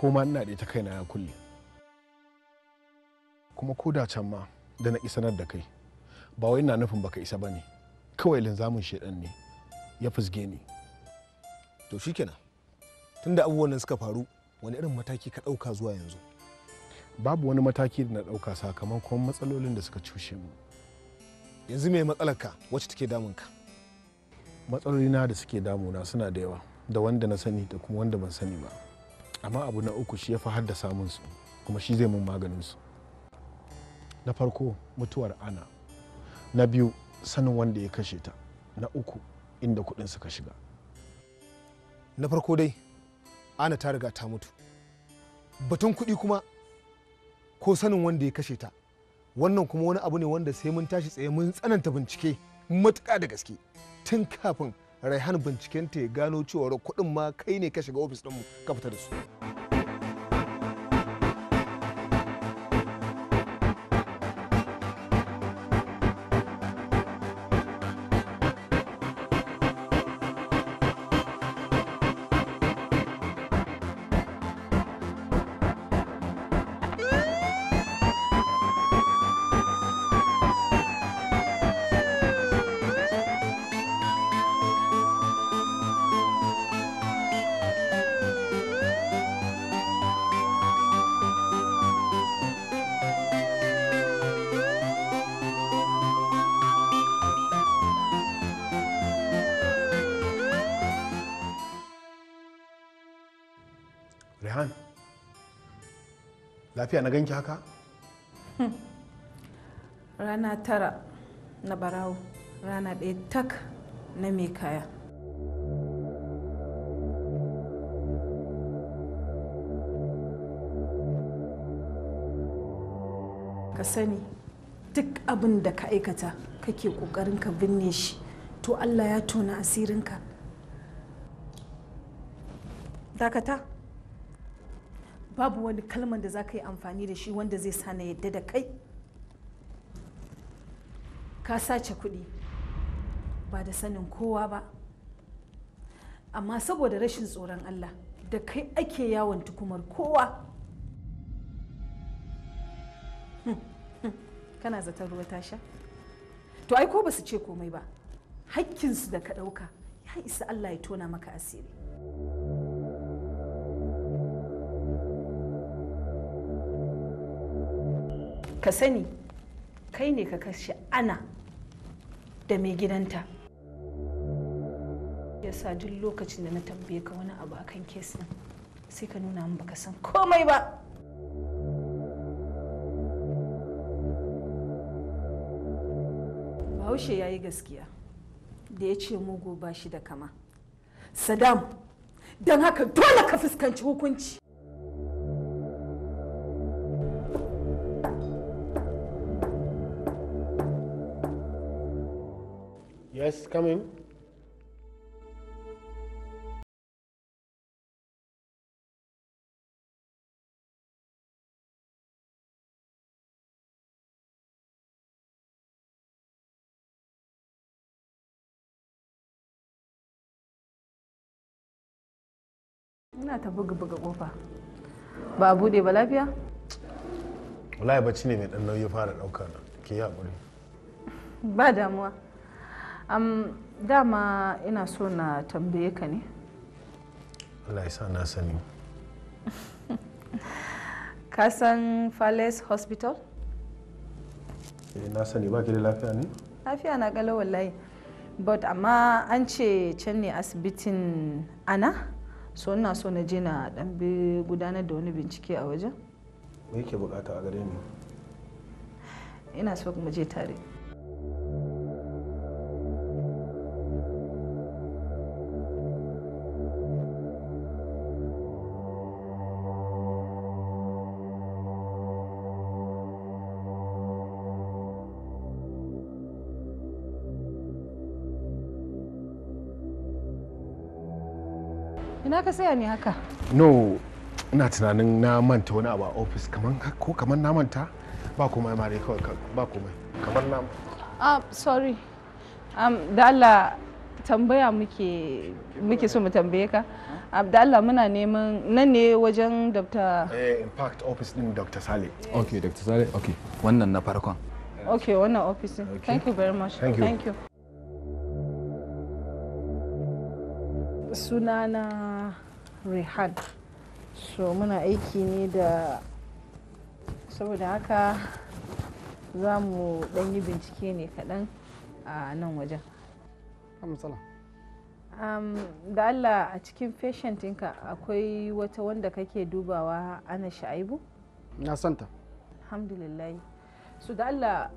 Koma ina da ita kaina ya kulle kuma ko da can ma da na isanar da kai ba wai ina nufin baka isa bane kawai linzamin shedan ne ya fusge ni to shikenan tunda abubuwan suka faru wani irin mataki ka ɗauka zuwa yanzu babu wani mataki da na ɗauka sakamakon matsalolin da suka cushe mu yanzu me ka wacce take matsaloli na da suke damuna suna da yawa da wanda na sani da kuma wanda ban sani ba amma abu na uku shi ya fi haddasa samun su kuma shi zai mun maganin su na farko mutuwar ana na biyu sanin wanda ya kashe ta na uku inda kudin suka shiga na farko dai ana ta riga ta mutu batun kudi kuma ko sanin wanda ya kashe ta wannan kuma wani abu ne wanda sai mun tashi tsaye mun tsananta bincike matuƙa da gaske tun kafin raihan bincikenta ya gano cewar kuɗin ma kai ne ka shiga ofis ɗinmu ka fita da su rehan lafiya na ganki haka hmm. rana tara na barawo rana ɗaya tak na mai kaya ka sani duk abin da ka aikata kake ƙoƙarin ka binne shi to allah ya tona asirinka dakata babu wani kalman da za ka yi amfani da shi wanda zai sa na yadda da kai ka sace kuɗi ba da sanin kowa ba amma saboda rashin tsoron Allah da kai ake yawon tukumar kowa hmm, hmm. kana zaton ruwa ta sha to ai ko ba su ce komai ba hakkinsu da ka ɗauka ya isa Allah ya tona maka asiri ka sani kai ne ka kashe ana da mai gidanta yasa duk lokacin da na tambaye ka wani abu akan kes ɗin sai ka nuna min baka san komai ba bahaushe ya yi gaskiya da ya ce mugu ba shi da kama saddam don haka dole ka fuskanci hukunci guys coming. Ina ta buga-buga kofa. Ba a bude ba lafiya? Wallahi bacci ne mai dan nauyi fara dauka na. Ke haƙuri. Ba damuwa. um, dama ina so na tambaye ka ne Allah ya sa na sani ka san fales hospital eh, na sani ba ki da lafiya ne lafiya na gala wallahi but amma an ce can ne asibitin ana so ina so na je na dan gudanar da wani bincike a wajen me yake bukata a gare ni ina so kuma je tare ina ka saya ne haka no ina tunanin na manta wani abu a ofis kaman ko kaman na manta ba komai mare kawai ba komai kamar na ah sorry um, da Allah tambaya muke muke so mu tambaye ka abdallah muna neman nan ne wajen dr eh, impact office din dr sale ok dr sale ok wannan na farkon ok wannan office thank you very much thank you, thank you. sunana rehan so muna aiki ne da saboda haka za mu yi bincike ne kaɗan a nan wajen um, da allah a cikin ɗinka akwai wata wanda kake dubawa ana sha'ibu? na santa alhamdulillah su da allah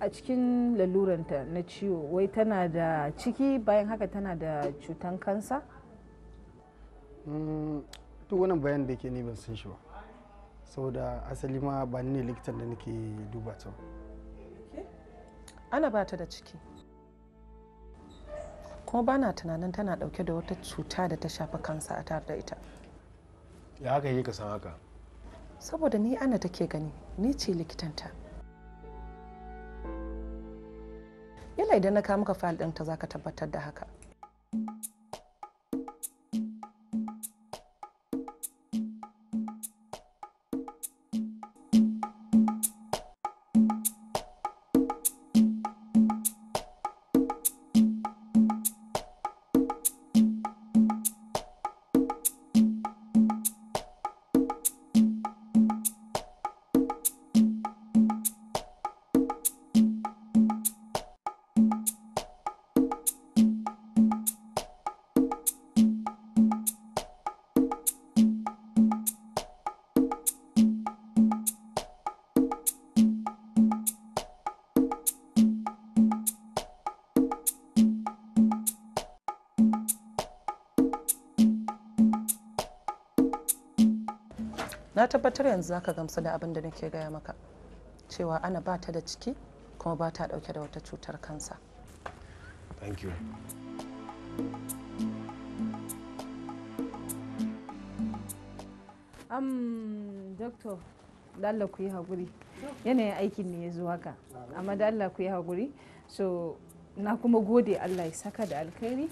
a cikin laluranta na ciwo wai tana da ciki bayan haka tana da cutan kansa? Mm, duk wani bayan da ke ni ban san shi ba saboda asali ma ba ni ne likitan da nake duba ta ana ba ta da ciki kuma ba na tunanin tana dauke da wata cuta da ta shafi kansa a tare da ita ya haka yi ka san haka saboda ni ana take gani ni ce likitanta yana idan na kawo maka fayil ɗinta za ka tabbatar da haka na tabbatar yanzu zaka gamsu da abin da nake gaya maka cewa ana ba ta da ciki kuma ba ta dauke da wata cutar kansa thank you um, doctor dalla ku yi haƙuri yanayin aikin ne ya zo haka amma dalla ku yi haƙuri so na kuma gode allah ya saka da alkhairi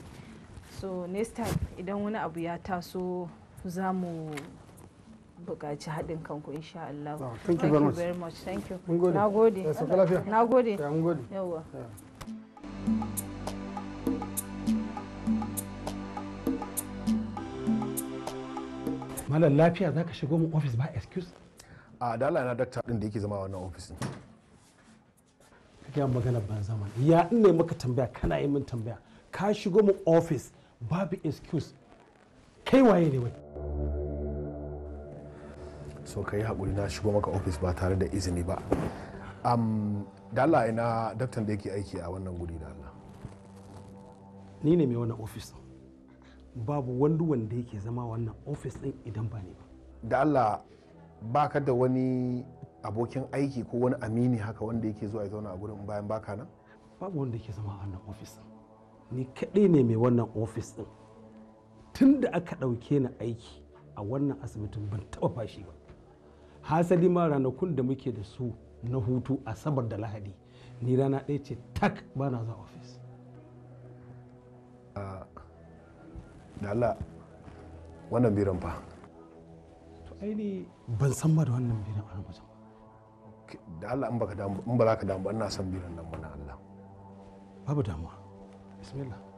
so next time idan wani abu ya taso za mu buƙaci haɗin kanku insha Allah ah, thank you very much thank you na gode na gode yawa malam lafiya zaka shigo mu office ba excuse a ah, da Allah na dakta din da yake zama wannan office kake magana ban zaman ya in ne maka tambaya kana yi min tambaya ka shigo mu office babu excuse kai waye ne wai so ka yi haƙuri na shigo maka ofis ba tare da izini ba um, da Allah ina daktan da yake aiki a wannan guri da Allah ni ne mai wannan ofis babu wani wanda yake zama wannan ofis din idan ba ni ba da Allah ba ka da wani abokin aiki ko wani amini haka wanda yake zuwa ya zauna a gurin bayan baka nan babu wanda yake zama a wannan ofis ni kaɗai ne mai wannan ofis din tun da aka ɗauke ni aiki a wannan asibitin ban taɓa fashi ba hasali ma ranakun da muke da su na hutu a sabar da lahadi ni rana ɗaya ce tak ba na za ofis ah, da Allah wannan biran fa to aini ban san ba da wannan biran a ba da Allah in ba za ka damu ina son biran nan mana Allah babu damuwa bismillah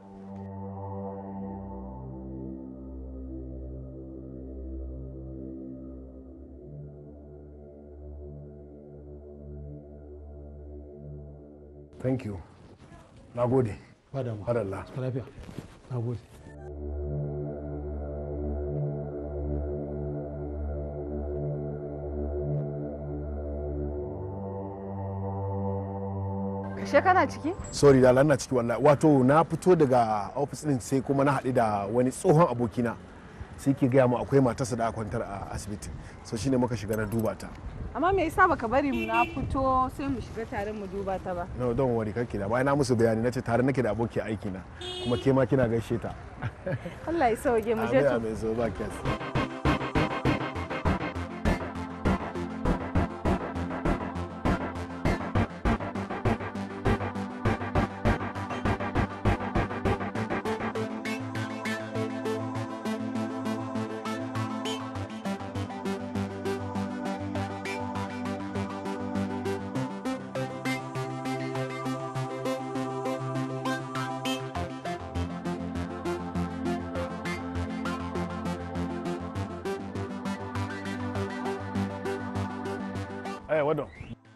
thank you na gode shekana ciki? Sorry da na ciki wallahi. Wato na fito daga ofis din sai kuma na haɗu da wani tsohon abokina. sai ke gaya mu akwai matarsa da kwantar a asibiti so shine muka shiga na duba ta amma me yasa baka bari mu na fito sai mu shiga tare mu duba ta ba no don wari kake da bayan na musu bayani nace tare nake da aboki aiki na kuma ke ma kina gaishe ta Allah ya sauke mu je to amin so ba kyas wadon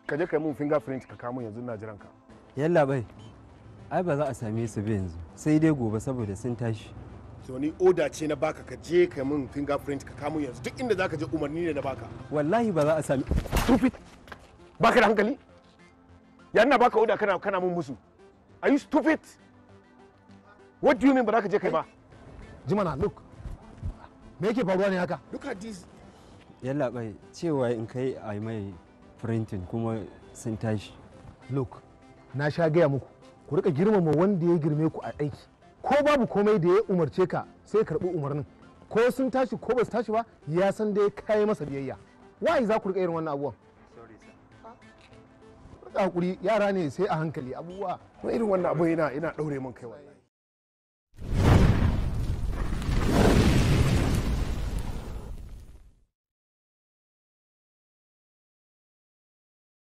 ka je ka yi mun fingerprint ka kamo yanzu na jiranka yalla bai ai ba za a same su ba yanzu sai dai gobe saboda sun tashi to ni oda ce na baka ka je ka mun fingerprint ka kamo yanzu duk inda zaka je umarni ne na baka wallahi ba za a sami stupid baka da hankali ya ina baka oda kana kana mun musu are you stupid what do you mean ba za ka je kai ba jimana look me yake faruwa ne haka look at this yalla bai cewa in kai ai mai printing kuma sun tashi look na sha gaya muku ku rika girmama wanda ya girme ku a aiki ko babu komai da ya umarce ka sai karɓi umarnin ko sun tashi ko ba su tashi ba ya san dai kai masa biyayya wai za ku rika irin wannan abubuwan hakuri yara ne sai a hankali abubuwa irin wannan abu yana ina daure man kai wallahi